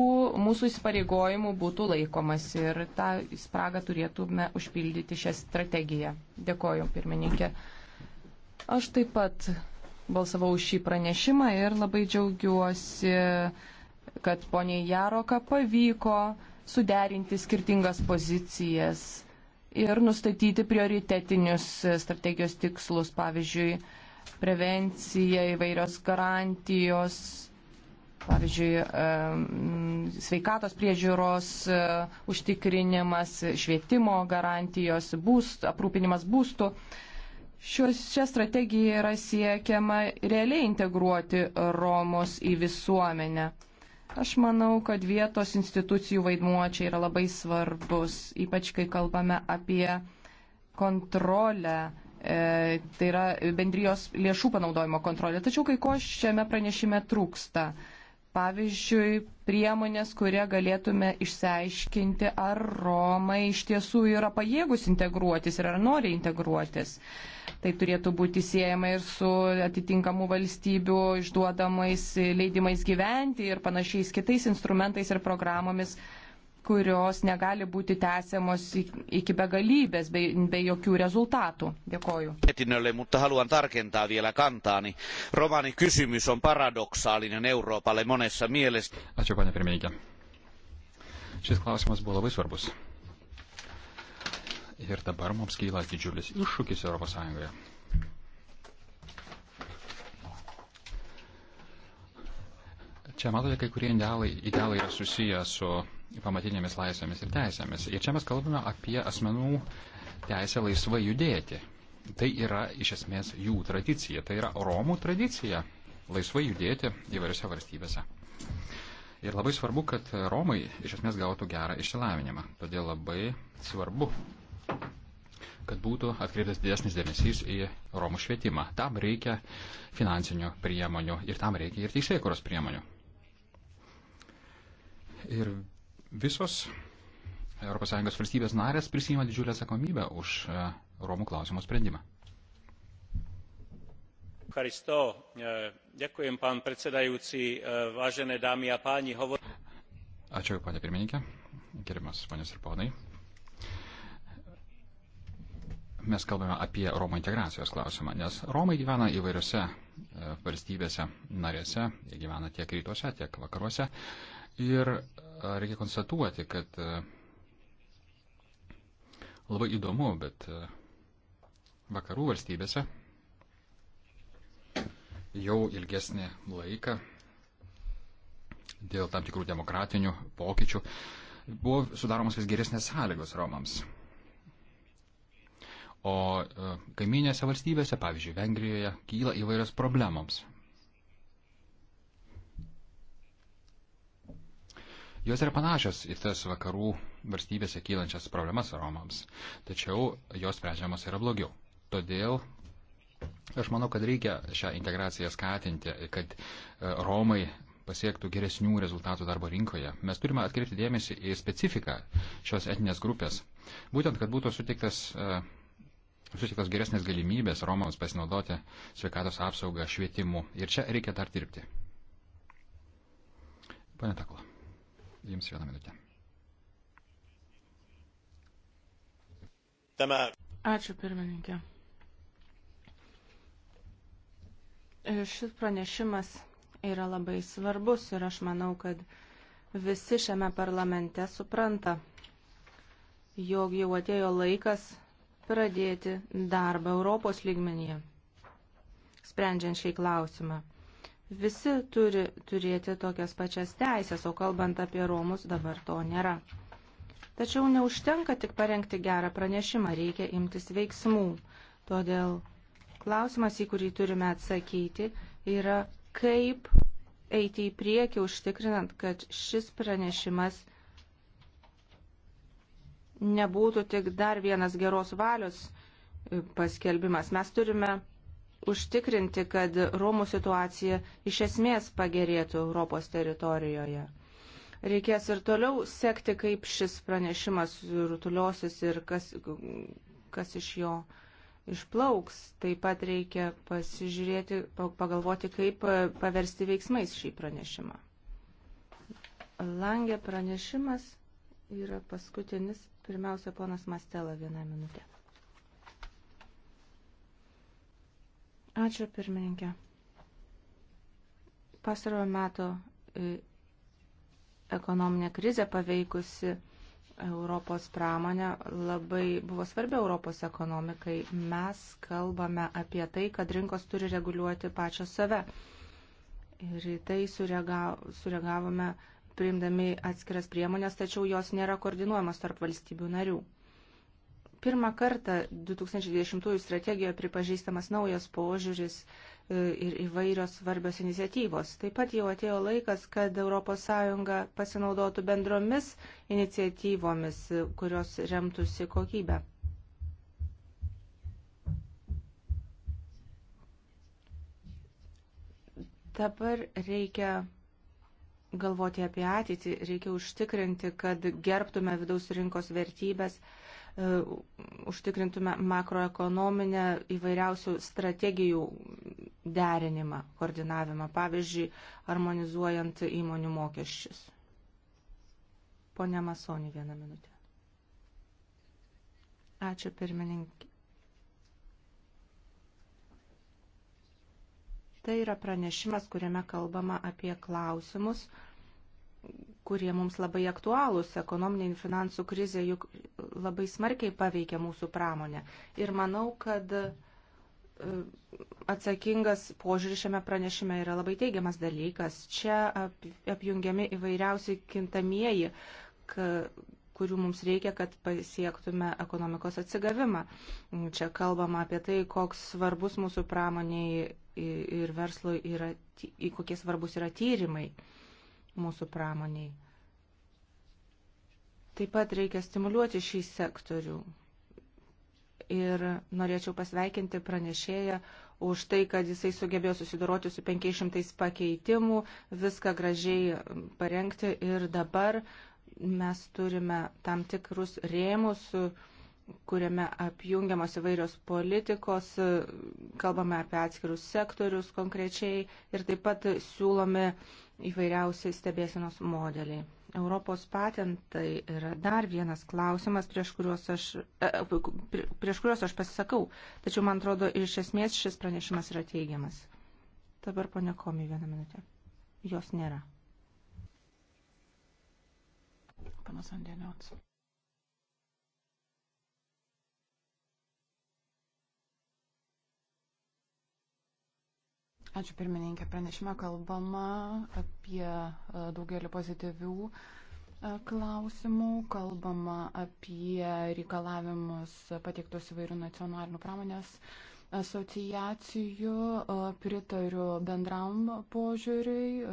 mūsų įsipareigojimų būtų laikomas ir tą spragą turėtume užpildyti šią strategiją. Dėkoju, pirmininkė. Aš taip pat balsavau už šį pranešimą ir labai džiaugiuosi kad poniai Jaroka pavyko suderinti skirtingas pozicijas ir nustatyti prioritetinius strategijos tikslus, pavyzdžiui, prevencija, įvairios garantijos, pavyzdžiui, sveikatos priežiūros e, užtikrinimas, švietimo garantijos, būst, aprūpinimas būstų. Šios, šią strategiją yra siekiama realiai integruoti Romos į visuomenę. Aš manau, kad vietos institucijų vaidmuo čia yra labai svarbus, ypač kai kalbame apie kontrolę, e, tai yra bendrijos lėšų panaudojimo kontrolę. Tačiau kai ko šiame pranešime trūksta. E, Pavyzdžiui, priemonės, kurie galėtume išsiaiškinti, ar Romai iš tiesų yra pajėgus integruotis ir ar nori integruotis. Tai turėtų būti siejama ir su atitinkamų valstybių išduodamais leidimais gyventi ir panašiais kitais instrumentais ir programomis, kurios negali būti tęsiamos iki begalybės, be, be jokių rezultatų. Dėkoju. Mietinnölle, mutta haluan tarkentaa vielä kantaani. Romani kysymys on paradoksaalinen Euroopalle monessa mielessä. Ačiū, panė pirmininkė. Šis klausimas buvo labai svarbus. Ir dabar mums kyla didžiulis iššūkis ES. Čia matote, kai kurie idealai, idealai yra susiję su pamatinėmis laisvėmis ir teisėmis. Ir čia mes kalbame apie asmenų teisę laisvai judėti. Tai yra iš esmės jų tradicija, tai yra Romų tradicija laisvai judėti įvairiose valstybėse. Ir labai svarbu, kad Romai iš esmės gautų gerą išsilavinimą. Todėl labai svarbu, kad būtų atkreiptas didesnis dėmesys į Romų švietimą. Tam reikia finansinių priemonių ir tam reikia ir teisėkuros priemonių. Ir Visos ES valstybės narės prisima didžiulę atsakomybę už e, Romų klausimo sprendimą. E, ďakujem, pán predsedajúci, e, vážené dámy a páni. Hovor... Ačiū, ponė pirmininkė, gerimas ponės ir ponai. Mes kalbame apie Romų integracijos klausimą, nes Romai gyvena įvairiose valstybėse narėse, jie gyvena tiek rytuose, tiek vakaruose. Ir reikia konstatuoti, kad e, labai įdomu, bet e, vakarų valstybėse jau ilgesnį laiką dėl tam tikrų demokratinių pokyčių buvo sudaromos vis geresnės sąlygos Romams. O e, kaiminėse valstybėse, pavyzdžiui, Vengrijoje, kyla įvairios problemams. Jos yra panašios į tas vakarų valstybėse kylančias problemas Romams, tačiau jos sprendžiamos yra blogiau. Todėl aš manau, kad reikia šią integraciją skatinti, kad e, Romai pasiektų geresnių rezultatų darbo rinkoje. Mes turime atkreipti dėmesį į specifiką šios etinės grupės. Būtent, kad būtų suteiktas, e, suteiktas geresnės galimybės Romams pasinaudoti sveikatos apsaugą, švietimu. Ir čia reikia dar dirbti. Pane Takla. Jums vieną minutę. Tame. Ačiū pirmininkė. E, šis pranešimas yra labai svarbus ir aš manau, kad visi šiame parlamente supranta, jog jau atėjo laikas pradėti darbą Europos lygmenyje, sprendžiant šį klausimą. Visi turi turėti tokias pačias teisės, o kalbant apie Romus dabar to nėra. Tačiau neužtenka tik parengti gerą pranešimą, reikia imtis veiksmų. Todėl klausimas, į kurį turime atsakyti, yra kaip eiti į priekį užtikrinant, kad šis pranešimas nebūtų tik dar vienas geros valios paskelbimas. Mes turime užtikrinti, kad Romų situacija iš esmės pagerėtų Europos teritorijoje. Reikės ir toliau sekti, kaip šis pranešimas rutuliosis ir kas, kas iš jo išplauks. Taip pat reikia pasižiūrėti, pagalvoti, kaip paversti veiksmais šį pranešimą. Langė pranešimas yra paskutinis. Pirmiausia, ponas Mastela, vieną minutę. Ačiū pirmininkė. Pastarojo meto e, ekonominė krizė paveikusi Europos pramonė labai buvo svarbi Europos ekonomikai. Mes kalbame apie tai, kad rinkos turi reguliuoti pačią save. Ir į tai sureagavome priimdami atskiras priemonės, tačiau jos nėra koordinuojamas tarp valstybių narių. Pirmą kartą 2020 strategijoje pripažįstamas naujas požiūris e, ir įvairios svarbios iniciatyvos. Taip pat jau atėjo laikas, kad ES pasinaudotų bendromis iniciatyvomis, e, kurios remtųsi kokybę. Dabar reikia galvoti apie ateitį, reikia užtikrinti, kad gerbtume vidaus rinkos vertybės E, užtikrintume makroekonominę įvairiausių strategijų derinimą, koordinavimą, pavyzdžiui, harmonizuojant įmonių mokesčius. Pone Masonį vieną minutę. Ačiū pirmininkė. Tai yra pranešimas, kuriame kalbama apie klausimus, kurie mums labai aktualūs. Ekonominė ir finansų krizė juk labai smarkiai paveikia mūsų pramonę. Ir manau, kad e, atsakingas požiūris šiame pranešime yra labai teigiamas dalykas. Čia apjungiami įvairiausi kintamieji, kurių mums reikia, kad pasiektume ekonomikos atsigavimą. Čia kalbama apie tai, koks svarbus mūsų pramoniai ir verslui yra, kokie svarbus yra tyrimai mūsų pramoniai. Taip pat reikia stimuliuoti šį sektorių. Ir norėčiau pasveikinti pranešėją už tai, kad jisai sugebėjo susidoroti su 500 pakeitimų, viską gražiai parengti ir dabar mes turime tam tikrus rėmus, su kuriame apjungiamos įvairios politikos, kalbame apie atskirus sektorius konkrečiai ir taip pat siūlome įvairiausi stebėsenos modeliai. Europos patentai yra dar vienas klausimas, prieš kuriuos aš, e, prieš kuriuos aš pasisakau, tačiau man atrodo iš esmės šis pranešimas yra teigiamas. Dabar ponia Komi vieną minutę. Jos nėra. Panas Andėniots. Ačiū pirmininkė. Pranešime kalbama apie e, daugelį pozityvių e, klausimų, kalbama apie reikalavimus pateiktus įvairių nacionalinių pramonės asociacijų, pritariu bendram požiūriui,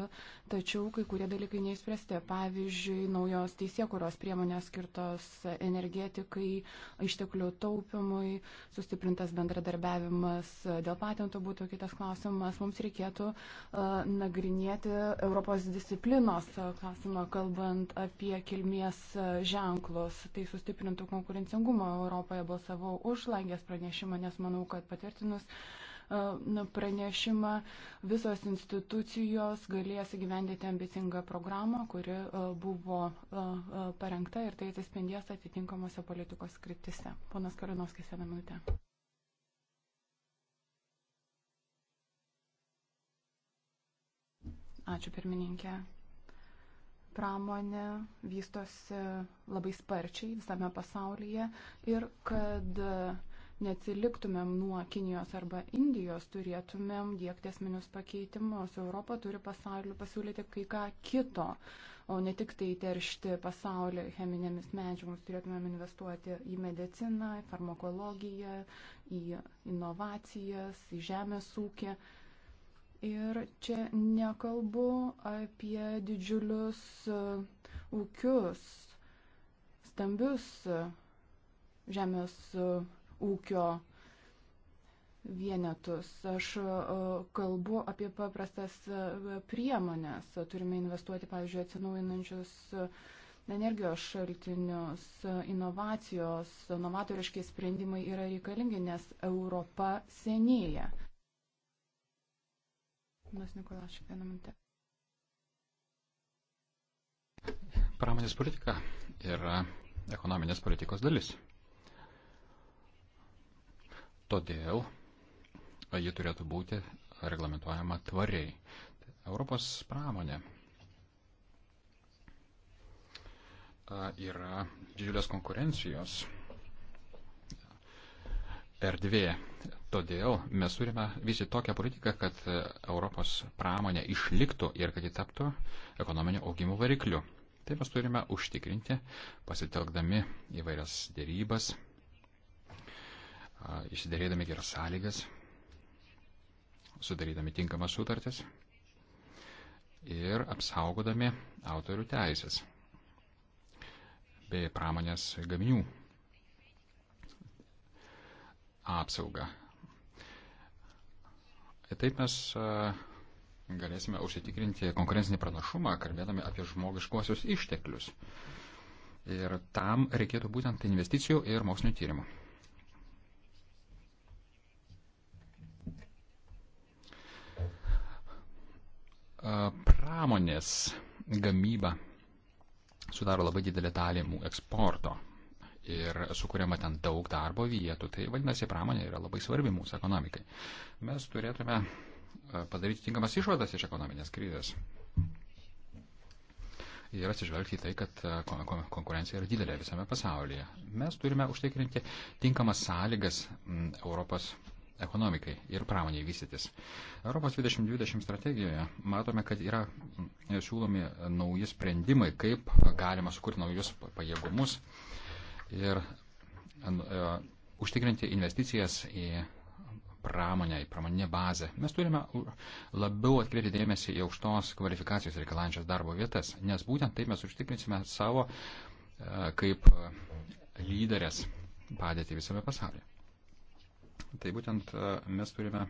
tačiau kai kurie dalykai neįspręsti. Pavyzdžiui, naujos teisėkuros priemonės skirtos energetikai, išteklių taupimui, sustiprintas bendradarbiavimas dėl patentų būtų kitas klausimas. Mums reikėtų nagrinėti Europos disciplinos klausimą, kalbant apie kilmės ženklus. Tai sustiprintų konkurencingumą Europoje. Balsavau už langės pranešimą, nes manau, kad patvirtinti įvertinus pranešimą visos institucijos galės įgyvendyti ambicingą programą, kuri buvo parengta ir tai atsispindės atitinkamose politikos kryptise. Ponas Karinovskis, vieną minutę. Ačiū pirmininkė. Pramonė vystosi labai sparčiai visame pasaulyje ir kad uh, neatsiliktumėm nuo Kinijos arba Indijos, turėtumėm dėkti esminius pakeitimus. Europa turi pasauliu pasiūlyti kai ką kito, o ne tik tai teršti pasaulį cheminėmis medžiagomis. Turėtumėm investuoti į mediciną, į farmakologiją, į inovacijas, į žemės ūkį. Ir čia nekalbu apie didžiulius uh, ūkius, stambius uh, žemės ūkius uh, ūkio vienetus. Aš e, kalbu apie paprastas e, priemonės. Turime investuoti, pavyzdžiui, atsinaujinančius energijos šaltinius, inovacijos, novatoriškai sprendimai yra reikalingi, nes Europa senėja. Mes Nikolašik vieną minutę. Pramonės politika yra ekonominės politikos dalis. Todėl ji turėtų būti reglamentuojama tvariai. Europos pramonė yra didžiulės konkurencijos erdvė. Todėl mes turime visi tokią politiką, kad Europos pramonė išliktų ir kad ji taptų ekonominio augimo varikliu. Tai mes turime užtikrinti, pasitelkdami įvairias dėrybas, išsiderėdami geras sąlygas, sudarydami tinkamas sutartis ir apsaugodami autorių teisės bei pramonės gaminių apsaugą. Taip mes galėsime užsitikrinti konkurencinį pranašumą, kalbėdami apie žmogiškuosius išteklius. Ir tam reikėtų būtent investicijų ir mokslinio tyrimų. pramonės gamyba sudaro labai didelį dalį eksporto ir sukūrėma ten daug darbo vietų. Tai vadinasi, pramonė yra labai svarbi mūsų ekonomikai. Mes turėtume padaryti tinkamas išvadas iš ekonominės krizės. Ir atsižvelgti į tai, kad konkurencija yra didelė visame pasaulyje. Mes turime užtikrinti tinkamas sąlygas Europos ekonomikai ir pramoniai vystytis. Europos 2020 strategijoje matome, kad yra siūlomi nauji sprendimai, kaip galima sukurti naujus pajėgumus ir e, užtikrinti investicijas į pramonę, į pramoninę bazę. Mes turime labiau atkreipti dėmesį į aukštos kvalifikacijos reikalančias darbo vietas, nes būtent taip mes užtikrinsime savo e, kaip lyderės padėti visame pasaulyje. Tai būtent e, mes turime e,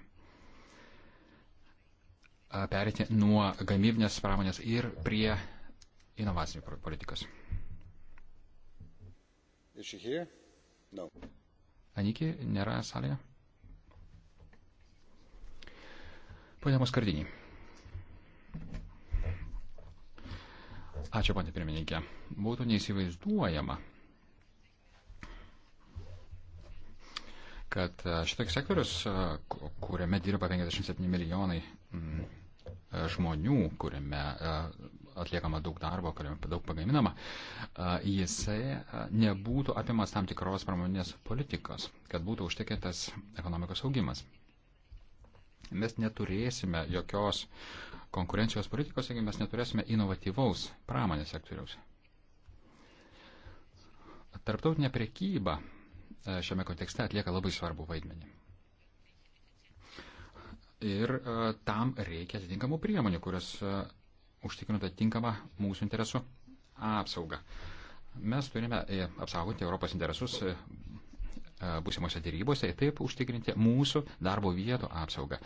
perėti nuo gamybinės pramonės ir prie inovacinių politikos. No. Aniki nėra salėje. Pone Moskardinį. Ačiū, ponė pirmininkė. Būtų neįsivaizduojama, kad e, šitoks sektorius, e, kuriame dirba 57 milijonai e, žmonių, kuriame atliekama daug darbo, kuriame daug pagaminama, jisai nebūtų apimas tam tikros pramoninės politikos, kad būtų užtikrintas ekonomikos augimas. Mes neturėsime jokios konkurencijos politikos, jeigu mes neturėsime inovatyvaus pramonės sektoriaus. Tarptautinė prekyba E, šiame kontekste atlieka labai svarbu vaidmenį. Ir e, tam reikia atitinkamų priemonių, kurios e, užtikrintų atitinkamą mūsų interesų apsaugą. Mes turime apsaugoti Europos interesus būsimose dėrybose ir taip užtikrinti mūsų darbo vietų apsaugą.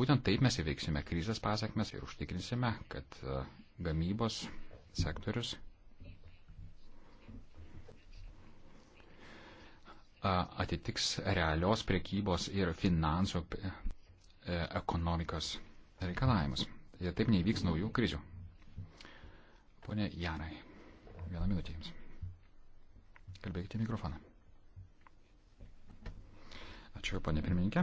Būtent taip mes įveiksime krizės pasakmes ir užtikrinsime, kad gamybos sektorius atitiks realios priekybos ir finansų e, ekonomikos reikalavimus. Ir taip neįvyks naujų krizių. Pone Janai, vieną minutę jums. Kalbėkite mikrofoną. Ačiū, ponė pirmininkė.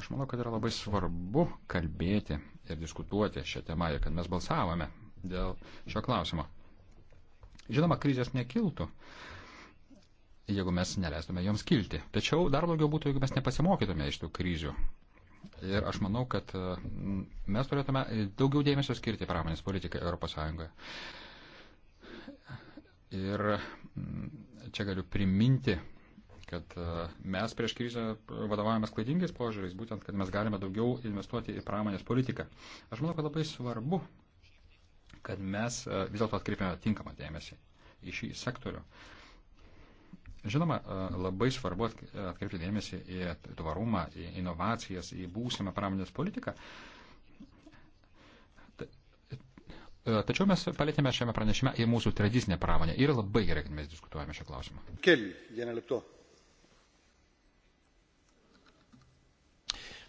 Aš manau, kad yra labai svarbu kalbėti ir diskutuoti šią temą ir kad mes balsavome dėl šio klausimo. Žinoma, krizės nekiltų, jeigu mes neleistume joms kilti. Tačiau dar blogiau būtų, jeigu mes nepasimokytume iš tų kryžių. Ir aš manau, kad e, mes turėtume daugiau dėmesio skirti pramonės politikai ES. Ir mm, čia galiu priminti, kad e, mes prieš krizę vadovavomės klaidingais požiūriais, būtent, kad mes galime daugiau investuoti į pramonės politiką. Aš manau, kad labai svarbu, kad mes e, vis dėlto atkreipiame tinkamą dėmesį į šį sektorių. Uh, Žinoma, e, labai svarbu atkreipti dėmesį į tvarumą, į inovacijas, į būsimą pramonės politiką. E, tačiau mes palėtėme šiame pranešime į mūsų tradicinę pramonę ir labai gerai, kad mes diskutuojame šią klausimą. Keli, vieną lipto.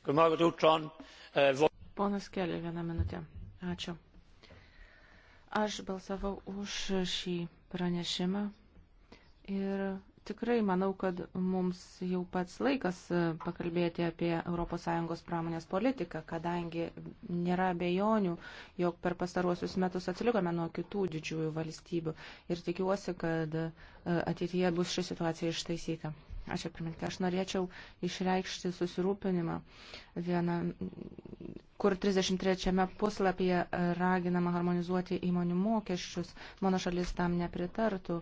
Uh, Ponas Keli, vieną minutę. Ačiū. Aš balsavau už šį pranešimą ir Tikrai manau, kad mums jau pats laikas e, pakalbėti apie ES pramonės politiką, kadangi nėra bejonių, jog per pastaruosius metus atsilikome nuo kitų didžiųjų valstybių ir tikiuosi, kad e, ateityje bus ši situacija ištaisyta. Ačiū, pirmininkė. Aš norėčiau išreikšti susirūpinimą, vieną, kur 33 puslapyje raginama harmonizuoti įmonių mokesčius. Mano šalis tam nepritartų.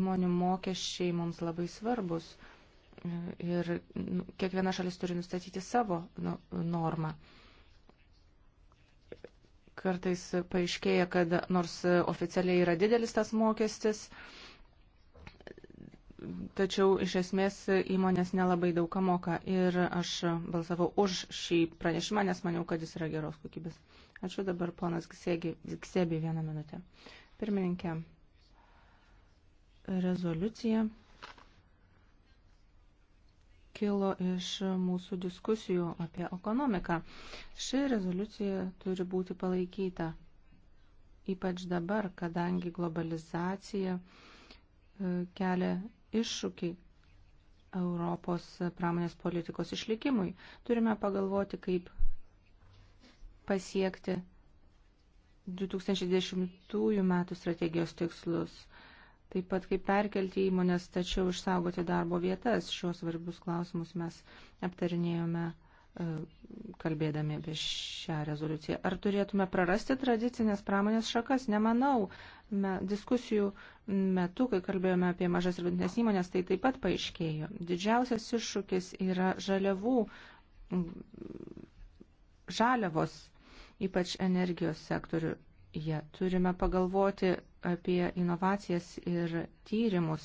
Įmonių mokesčiai mums labai svarbus. Ir nu, kiekviena šalis turi nustatyti savo nu, normą. Kartais paaiškėja, kad nors oficialiai yra didelis tas mokestis, uh, tačiau iš esmės įmonės nelabai daug ką moka ir aš balsavau už šį pranešimą, nes maniau, kad jis yra geros kokybės. Ačiū dabar ponas Gsebi vieną minutę. Pirmininkė, rezoliucija kilo iš mūsų diskusijų apie ekonomiką. Ši rezoliucija turi būti palaikyta, ypač dabar, kadangi globalizacija e, kelia iššūkiai Europos pramonės politikos išlikimui. Turime pagalvoti, kaip pasiekti 2010 metų strategijos tikslus, taip pat kaip perkelti įmonės, tačiau išsaugoti darbo vietas. Šios svarbius klausimus mes aptarinėjome e, kalbėdami apie šią rezoliuciją. Ar turėtume prarasti tradicinės pramonės šakas? Nemanau me, diskusijų metu, kai kalbėjome apie mažas ir vidutinės įmonės, tai taip pat paaiškėjo. Didžiausias iššūkis yra žaliavų, žaliavos, ypač energijos sektorių. Ja, turime pagalvoti apie inovacijas ir tyrimus,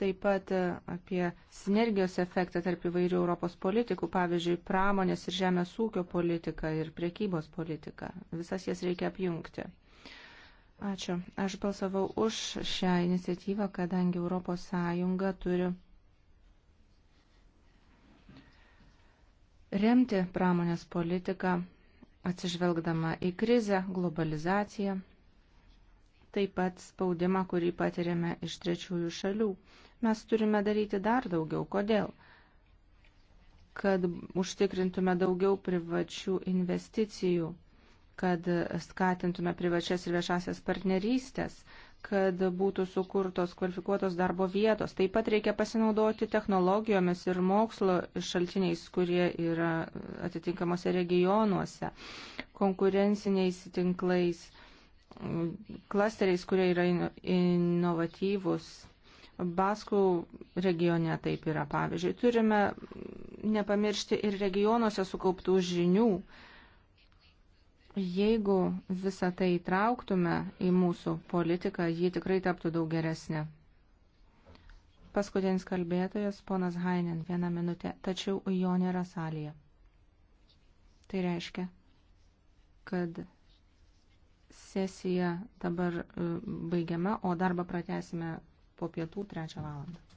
taip pat apie sinergijos efektą tarp įvairių Europos politikų, pavyzdžiui, pramonės ir žemės ūkio politika ir priekybos politika. Visas jas reikia apjungti. Ačiū. Aš balsavau už šią iniciatyvą, kadangi ES turi remti pramonės politiką, atsižvelgdama į krizę, globalizaciją, taip pat spaudimą, kurį patiriame iš trečiųjų šalių. Mes turime daryti dar daugiau. Kodėl? Kad užtikrintume daugiau privačių investicijų kad skatintume privačias ir viešasias partnerystės, kad būtų sukurtos kvalifikuotos darbo vietos. Taip pat reikia pasinaudoti technologijomis ir mokslo šaltiniais, kurie yra atitinkamuose regionuose, konkurenciniais tinklais, klasteriais, kurie yra inovatyvus. Baskų regione taip yra, pavyzdžiui. Turime nepamiršti ir regionuose sukauptų žinių Jeigu visą tai įtrauktume į mūsų politiką, ji tikrai taptų daug geresnė. Paskutinis kalbėtojas, ponas Hainen, vieną minutę, tačiau jo nėra salėje. Tai reiškia, kad sesija dabar e, baigiama, o darbą pratesime po pietų trečią valandą.